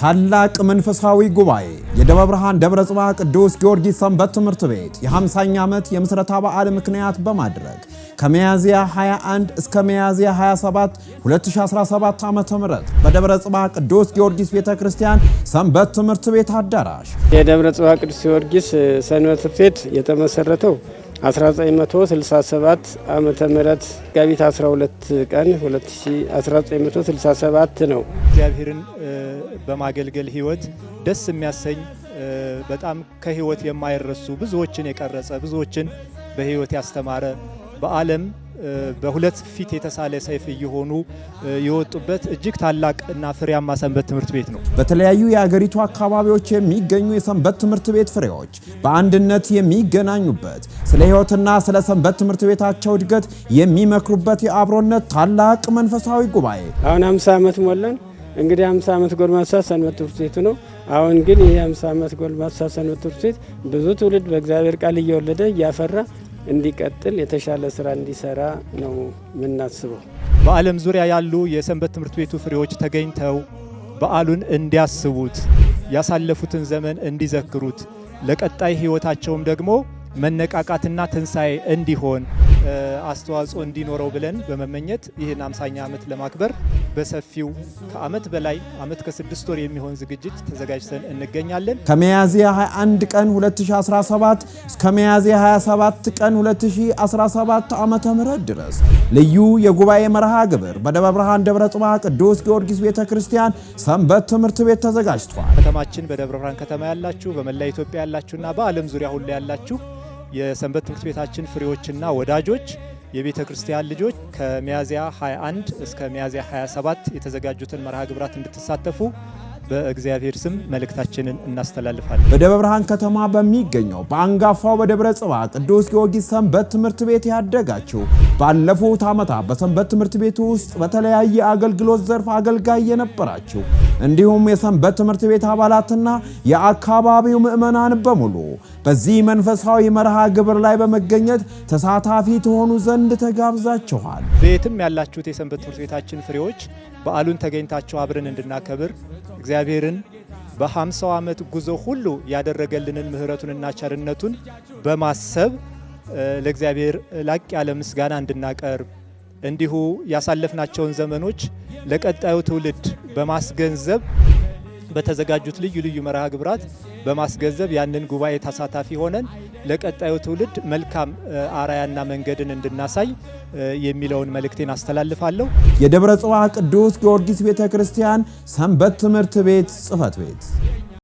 ታላቅ መንፈሳዊ ጉባኤ የደብረ ብርሃን ደብረ ጽባ ቅዱስ ጊዮርጊስ ሰንበት ትምህርት ቤት የ50ኛ ዓመት የምስረታ በዓል ምክንያት በማድረግ ከሚያዝያ 21 እስከ ሚያዝያ 27 2017 ም በደብረ ጽባ ቅዱስ ጊዮርጊስ ቤተ ክርስቲያን ሰንበት ትምህርት ቤት አዳራሽ የደብረ ጽባ ቅዱስ ጊዮርጊስ ሰንበት ትምህርት ቤት የተመሰረተው 1967 ዓ ም መጋቢት 12 ቀን 1967 ነው። እግዚአብሔርን በማገልገል ህይወት ደስ የሚያሰኝ በጣም ከህይወት የማይረሱ ብዙዎችን የቀረጸ ብዙዎችን በህይወት ያስተማረ በዓለም በሁለት ፊት የተሳለ ሰይፍ እየሆኑ የወጡበት እጅግ ታላቅ እና ፍሬያማ ሰንበት ትምህርት ቤት ነው። በተለያዩ የአገሪቱ አካባቢዎች የሚገኙ የሰንበት ትምህርት ቤት ፍሬዎች በአንድነት የሚገናኙበት ስለ ሕይወትና ስለ ሰንበት ትምህርት ቤታቸው እድገት የሚመክሩበት የአብሮነት ታላቅ መንፈሳዊ ጉባኤ። አሁን 50 ዓመት ሞላን። እንግዲህ 50 ዓመት ጎልማሳ ሰንበት ትምህርት ቤቱ ነው። አሁን ግን ይህ 50 ዓመት ጎልማሳ ሰንበት ትምህርት ቤት ብዙ ትውልድ በእግዚአብሔር ቃል እየወለደ እያፈራ እንዲቀጥል የተሻለ ስራ እንዲሰራ ነው የምናስበው። በዓለም ዙሪያ ያሉ የሰንበት ትምህርት ቤቱ ፍሬዎች ተገኝተው በዓሉን እንዲያስቡት፣ ያሳለፉትን ዘመን እንዲዘክሩት፣ ለቀጣይ ሕይወታቸውም ደግሞ መነቃቃትና ትንሣኤ እንዲሆን አስተዋጽኦ እንዲኖረው ብለን በመመኘት ይህን አምሳኛ ዓመት ለማክበር በሰፊው ከዓመት በላይ ዓመት ከስድስት ወር የሚሆን ዝግጅት ተዘጋጅተን እንገኛለን። ከሚያዝያ 21 ቀን 2017 እስከ ሚያዝያ 27 ቀን 2017 ዓመተ ም ድረስ ልዩ የጉባኤ መርሃ ግብር በደብረ ብርሃን ደብረ ጽባህ ቅዱስ ጊዮርጊስ ቤተ ክርስቲያን ሰንበት ትምህርት ቤት ተዘጋጅቷል። ከተማችን በደብረ ብርሃን ከተማ ያላችሁ፣ በመላ ኢትዮጵያ ያላችሁና በዓለም ዙሪያ ሁሉ ያላችሁ የሰንበት ትምህርት ቤታችን ፍሬዎችና ወዳጆች የቤተ ክርስቲያን ልጆች ከሚያዝያ 21 እስከ ሚያዝያ 27 የተዘጋጁትን መርሃ ግብራት እንድትሳተፉ በእግዚአብሔር ስም መልእክታችንን እናስተላልፋለን። በደብረ ብርሃን ከተማ በሚገኘው በአንጋፋው በደብረ ጽባ ቅዱስ ጊዮርጊስ ሰንበት ትምህርት ቤት ያደጋችው ባለፉት ዓመታት በሰንበት ትምህርት ቤት ውስጥ በተለያየ አገልግሎት ዘርፍ አገልጋይ የነበራችሁ እንዲሁም የሰንበት ትምህርት ቤት አባላትና የአካባቢው ምዕመናን በሙሉ በዚህ መንፈሳዊ መርሃ ግብር ላይ በመገኘት ተሳታፊ ትሆኑ ዘንድ ተጋብዛችኋል። ቤትም ያላችሁት የሰንበት ትምህርት ቤታችን ፍሬዎች በዓሉን ተገኝታችሁ አብረን እንድናከብር እግዚአብሔርን በ50 ዓመት ጉዞ ሁሉ ያደረገልንን ምሕረቱንና ቸርነቱን በማሰብ ለእግዚአብሔር ላቅ ያለ ምስጋና እንድናቀርብ እንዲሁ ያሳለፍናቸውን ዘመኖች ለቀጣዩ ትውልድ በማስገንዘብ በተዘጋጁት ልዩ ልዩ መርሃ ግብራት በማስገንዘብ ያንን ጉባኤ ተሳታፊ ሆነን ለቀጣዩ ትውልድ መልካም አራያና መንገድን እንድናሳይ የሚለውን መልእክቴን አስተላልፋለሁ። የደብረ ጽዋ ቅዱስ ጊዮርጊስ ቤተ ክርስቲያን ሰንበት ትምህርት ቤት ጽሕፈት ቤት